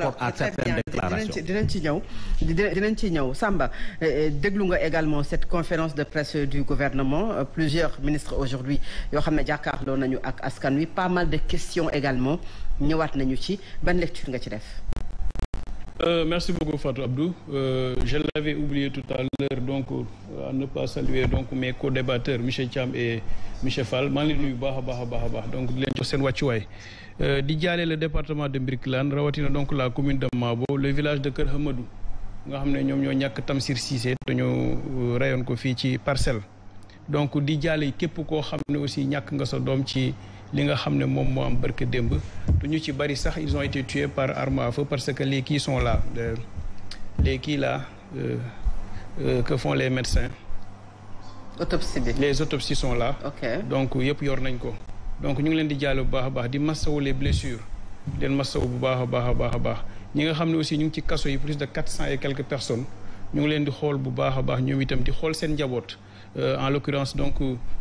rapport à certaines déclarations dinañ ci ñëw dinañ ci ñëw Samba eh, eh, déglu nga également cette conférence de presse du gouvernement euh, plusieurs ministres aujourd'hui yoo xam ne jàkkaarloo nañu ak askan wi pas mal de questions également ñëwaat nañu ci ban lecture nga ci def Euh, merci beaucoup Fatou Abdou euh, je l'avais oublié tout à l'heure donc euh, à ne donc mais co-débatteurs monsieur Thiam et monsieur Fall maa ngi baax a baax a baax a baax donc leen jox seen wàccuwaay euh, di jaale le département de Birkelane rawatina donc la commune de Mabo le village de Kër Hamadou nga xam ne ñoom ñoo ñàkk Tamsir Cissé dañoo euh, rayoon ko fii ci parcelle donc di jaale képp koo xam ne aussi ñàkk nga sa doom ci li nga xam ne moom moo am barke démb du ñu ci bari sax ils ont été tués par arme à feu parce que les qui sont là euh, les qui là euh, euh, que font les médecins. autopsie bi les autopsies sont la ok donc yëpp yor nañ ko. donc ñu ngi leen di jàll bu baax a baax di masawu les blessures leen masawu bu baax a baax a baax a baax ñi nga xam ne aussi ñu ngi ci kaso yi plus de quatre cent et quelques personnes ñu ngi leen di xool bu baax a baax ñoom itam di xool seen njaboot. Euh, en l'occurrence donc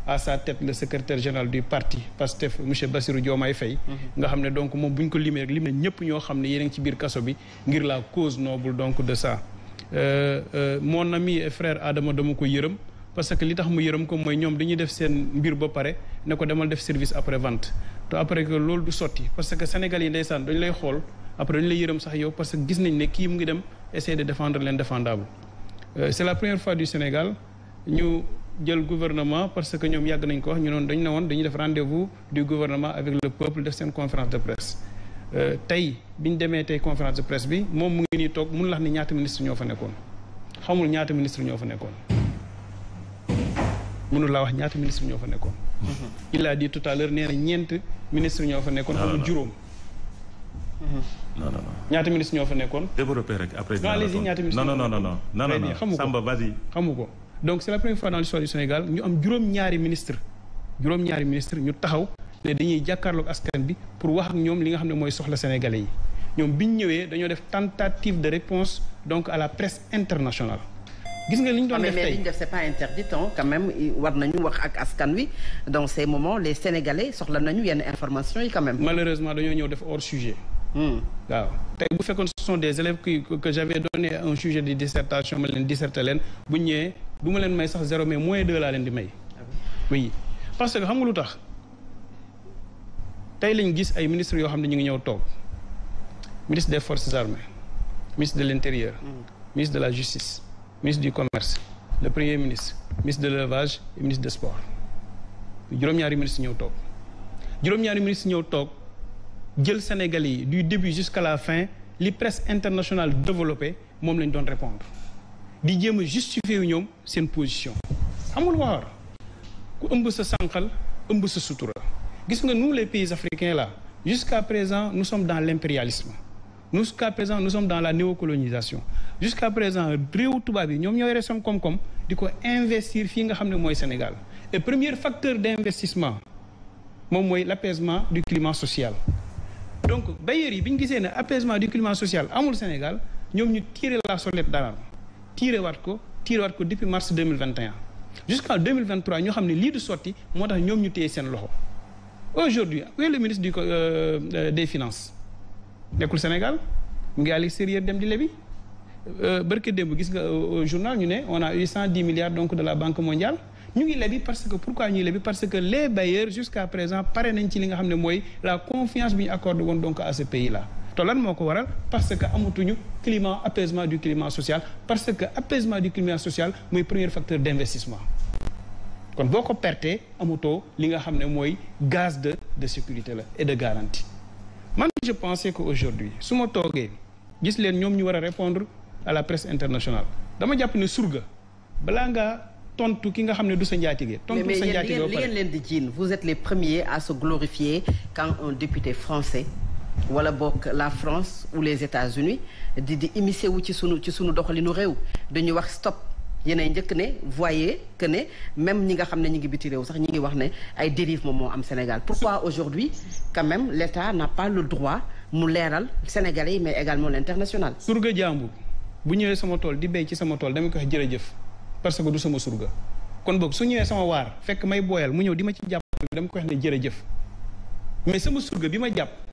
à sa tête le secrétaire général du parti PASTEF monsieur Bassirou Diomaye Faye nga xam ne donc moom bu ñu ko limee rek lim ne ñëpp ñoo xam ne yéen a ngi ci biir kaso bi ngir la cause noble donc de ça euh, euh, mon ami et frère Adama dama ko yërëm parce que li tax mu yërëm ko mooy ñoom dañuy def seen mbir ba pare ne ko demal def service après vente te après que loolu du sotti parce que Sénégal yi ndeysaan dañu lay xool après dañu lay yërëm sax parce que gis nañ ne kii mu ngi dem essayer de défendre l'indéfendable c'est la première fois du Sénégal jël gouvernement parce que ñoom yàgg nañ ko wax ñu noonu dañu ne woon dañu def rendez-vous du gouvernement avec le peuple def seen conférence de presse euh, tey bi ñu demee tey conférence de presse bi moom mu ngi nii toog mun lax ni ñaata ministre ñoo fa nekkoon xamul ñaata ministre ñoo fa nekkoon mënul laa wax ñaata ministre ñoo fa nekkoon mm-hmm. il a dit tout à l'heure ñeent ministre ñoo fa nekkoon juróom mm-hmm. non non non ñaata ministre ñoo fa nekkoon développé rek après non non non non non non non non non donc c' est la première fois dans l'histoire du Sénégal ñu am juróom-ñaari ministre juróom-ñaari ministre ñu taxaw ne dañuy jàkkaarloog askan bi pour wax ak ñoom li nga xam ne mooy soxla sénégalais yi ñoom bi ñu ñëwee dañoo def tentative de réponse donc à la presse internationale. gis nga li ñu doon ah, def tey mais li ñu def c'est pas interdit quand même war nañu wax ak askan wi dans soxla nañu yenn information yi quand même. malheureusement dañoo ñëw def hors sujet. Hmm. waaw tey bu des élèves que que j'avais donné un leen disserté leen du ma leen may sax zéro mais moins deux laa leen di may. Ah oui parce que xam nga lu tax tey lañu gis ay ministres yoo xam ne ñu ngi ñëw toog ministre des forces armées ministre de l' intérieur. Hmm. ministre de la justice ministre du commerce le premier ministre ministre de l' élevage et ministre des sports juróom-ñaari ministres ñëw toog juróom-ñaari ministres ñëw toog jël Sénégalais yi du début jusqu'à la fin li presse internationale développé moom lañ doon répondre. di jéem a justifier wu ñoom seen position amul waar ku ëmb sa sanqal ëmb sa sutura gis nga nous les pays africains là jusqu'à présent nous sommes dans l'impérialisme nous jusqu'à présent nous sommes dans la néocolonisation jusqu'à présent réew tubaab yi ñoom ñoo yore seen koom di ko investir fii nga xam ne mooy Sénégal et premier facteur d'investissement moom mooy l'apaisement du climat social donc bailleurs yi bi ñu gisee ne apaisement du climat social amul Sénégal ñoom ñu tirer la sonnette d'alarme tiré waat ko tiré waat ko depuis mars 2021 jusqu'en 2023 ñoo xam ne lii du sotti moo tax ñoom ñu téye seen loxo aujourd'hui où est le ministre du euh, euh, des finance nekkul Sénégal mu ngi à l'extérieur dem di lebi euh, barke démb gis nga euh, journal ñu ne on a eu cent dix milliards donc de la banque mondiale ñu ngi lebi parce que pourquoi ñuy lebi parce que les bailleurs jusqu'à présent pare nañ ci li nga xam ne mooy la confiance bi ñu accordé woon donc à ce pays là te lan moo ko waral parce que amatuñu climat apaisement du climat social parce que apaisement du climat social mooy premier facteur d' kon boo ko pertee amutoo li nga xam ne mooy gaz de de sécurité la et de garantie man je pensais que aujourd'hui su ma toogee gis leen ñoom ñu war a répondre à la presse internationale dama jàpp ne surga balaa ngaa tontu ki nga xam ne du sa njaatige tontu sa njaatige li ngeen leen di jiin vous êtes les premiers à se glorifier quand un député français wala bokk la France ou les États-Unis di di immiscé wu ci sunu ci sunu doxalinu réew dañuy wax stop yeneen njëkk ne voyez que ne même ñi nga xam ne ñu ngi biti réew sax ñi ngi wax ne ay dérive moom moo am Sénégal pour pourquoi aujourd'hui quand même l'État n'a pas le droit mu leeral Sénégalais yi mais également l'international surga jàmbur bu ñëwee sama tool di béy ci sama tool dama ko wax jëf parce que du sama surga kon boog su ñëwee sama waar fekk may booyal mu ñëw di ma ci jàpp dama ko wax ne jërëjëf mais sama surga bi ma jàpp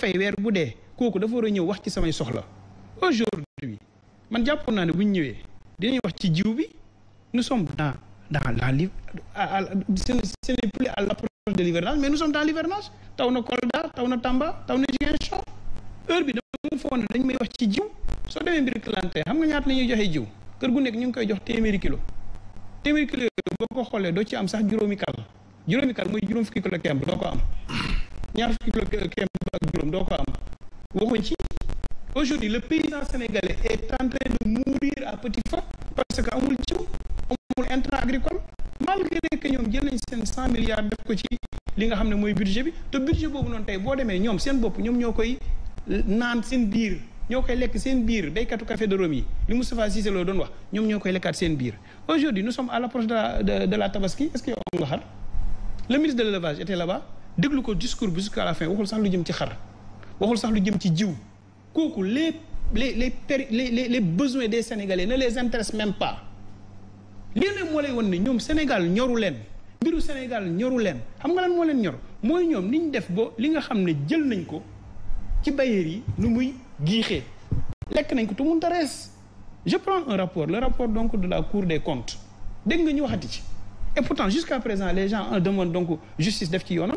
fay weer bu dee kooku dafa war a ñëw wax ci samay soxla aujourd'hui man jàppoon naa ne bu ñu ñëwee dinañ wax ci jiw bi nous sommes dans dans la li ce n'est plus à l'approche de l'hivernage mais nous sommes dans l'hivernage taw na Kolda taw na Tamba taw na Ziguinchor heure bi dama foog ne dañ may wax ci jiw soo demee mbir Klanteer xam nga ñaat la ñuy joxe jiw kër gu nekk ñu ngi koy jox téeméeri kilo téeméeri kilo yooyu boo ko xoolee doo ci am sax juróomi kal juróomi kal mooy juróom fukki kilo kemb doo ko am ñaar fukki kilo kemb ak juróom doo ko am waxuñ ci aujourd'hui le paysan sénégalais est en train de mourir à petit feu parce que amul jiw amul intrant agricole malgré que ñoom jël nañ seen cent milliards def ko ci li nga xam ne mooy budget bi te budget boobu noonu tey boo demee ñoom seen bopp ñoom ñoo koy naan seen biir ñoo koy lekk seen biir béykatu café de Rome yi li Moustapha Cissé Lo doon wax ñoom ñoo koy lekkaat seen biir aujourd'hui nous sommes à la tabaski est-ce que yow de l'élevage était déglu ko discours bi jusqu'à la fin waxul sax lu jëm ci xar waxul sax lu jëm ci jiw kooku les les les les les besoins des sénégalais ne les intéressent même pas léeg-léeg moo lay won ne ñoom Sénégal ñoru leen mbiru Sénégal ñoru leen xam nga lan moo leen ñor mooy ñoom ni ñu def ba li nga xam ne jël nañ ko ci bailleurs yi nu muy giixee lekk nañ ko tu munta rees je prends un rapport le rapport donc de la Cour des comptes dégg nga ñu waxati ci et pourtant jusqu'à présent les gens en donc justice def ci yoonam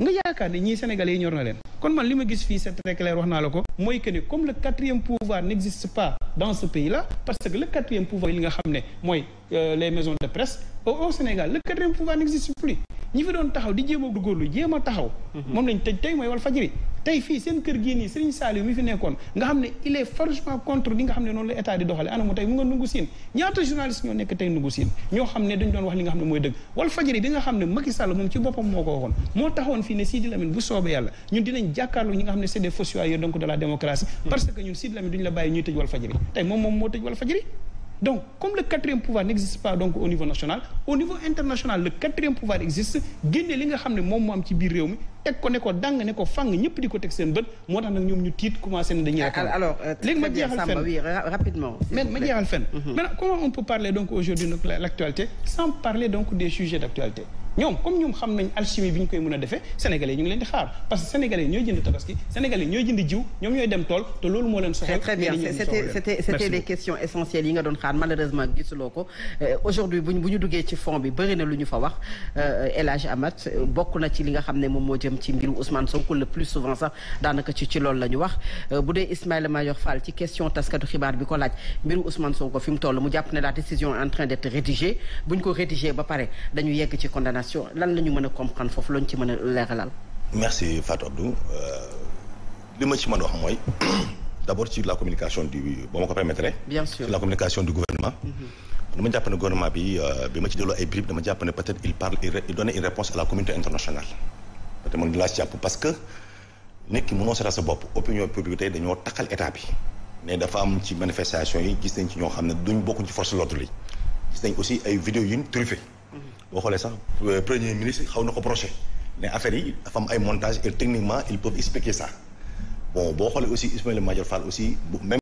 nga yaakaar ne ñi sénégalais yi ñor na leen kon man li ma gis fii c'est très wax naa la ko mooy que ni comme le quatrième pouvoir n'existe pas dans ce pays là parce que le quatrième pouvoir yi nga xam ne mooy euh, les maisons de presse au Sénégal le quatrième pouvoir n'existe plus ñi fi doon taxaw di jéem a lu jéem a taxaw mm-hmm. moom lañ tëj tey mooy Walfadjri tey fii seen kër gi nii Serigne Saliou mi fi nekkoon nga xam ne il est farouchement contre li nga xam ne noonu la état di doxale ana mu tey mu nga nungu siin ñaata journaliste ñoo nekk tey nungu siin ñoo xam ne dañ doon wax li nga xam ne mooy dëgg wal fajiri bi nga xam ne Macky Sall moom ci boppam moo ko waxoon moo taxoon fii ne Sidi Lamine bu soobee yàlla ñun dinañ jàkkaarloo ñi nga xam ne c'est des donc de la démocratie hmm. parce que ñun Sidi Lamine duñ donc comme le quatrième pouvoir n'existe pas donc au niveau national au niveau international le quatrième pouvoir existe génne li nga xam ne moom moo am ci biir réew mi teg ko ne ko dàng ne fang ñëpp di ko teg seen bët moo tax nag ñoom ñu tiit commencé ne dañuy rakkal alors euh, léegi ma jeexal fenn rapidement mhm. mais comment on peut parler donc aujourd'hui l'actualité sans parler donc des sujets d'actualité ñoom comme ñoom xam nañ alchimie bi ñu koy mën a defee sénégalais ñu ngi leen di xaar parce que sénégalais ñooy jënd tabaski sénégalais ñooy jënd jiw ñoom ñooy dem tool te loolu moo leen soxal très bi bëri na lu ñu fa wax euh, El ci li nga xam ne moom moo jëm ci mbiru Ousmane Sonko le ci ci loolu la ñu wax euh, bu dee Ismaïla Madior Fall bi ko laaj mbiru Ousmane mu toll mu jàpp ne la décision est en train d'être rédigée buñ ko rédigé ba pare dañu yegg ci condamnation information lan la ñu mën a comprendre foofu lañ ci mën a leeralal. merci Fatou Abdou euh, li ma ci mën a wax mooy d'abord sur la communication du boo ma ko permettre. bien sûr sur la communication du gouvernement. Mhm. dama jàpp ne gouvernement bi euh, bi ma ci delloo ay bribes dama jàpp ne peut-être il parle il donne une réponse à la communauté internationale. peut-être man laa ci jàpp parce que nit ki mënoo seetal sa bopp opinion publique tey dañoo takkal état bi. mais dafa am ci manifestation yi gis nañ ci ñoo xam ne duñ bokkuñ ci force l'ordre yi gis nañ aussi ay vidéos boo xoolee sax euh, premier ministre xaw na ko projet ne affaire yi dafa am ay montage et techniquement ils peuvent expliquer ça bon boo xoolee aussi Ismaïla Madior Fall aussi même